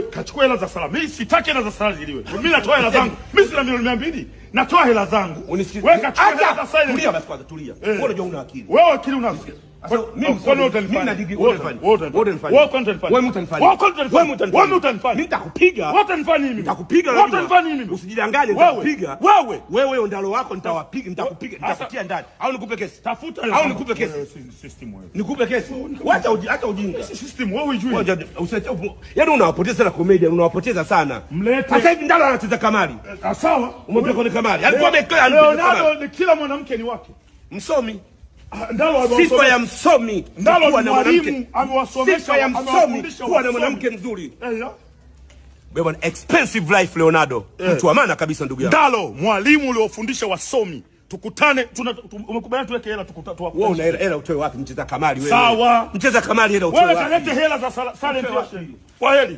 Kachukua hela za sala. Mimi sitaki hela za sala ziliwe. Mimi natoa hela zangu. Mimi sina milioni 200. Natoa hela zangu. Wewe kachukua hela za sala. Tulia basi kwanza tulia. Eh. Wewe unajua una akili. Wewe akili unazo. Usijidanganye, nitakupiga wewe, ondalo wako nitawapiga, unawapoteza sana komedia, unawapoteza sana. Sasa hivi ndalo anacheza kamari, eh, yaani kila mwanamke ni wake, msomi Sifa ya msomi kuwa na mwanamke, sifa ya msomi kuwa na mwanamke mzuri. Wewe eh, una expensive life Leonardo, eh. mtu wa maana kabisa ndugu yangu. Ndalo mwalimu uliofundisha wasomi tukutane tumekubaliana tuweke hela tukutane. Wewe una hela, hela utoe wapi? Mcheza kamari wewe. Sawa. Mcheza kamari hela utoe wapi? Wewe kalete hela za sale. Kwa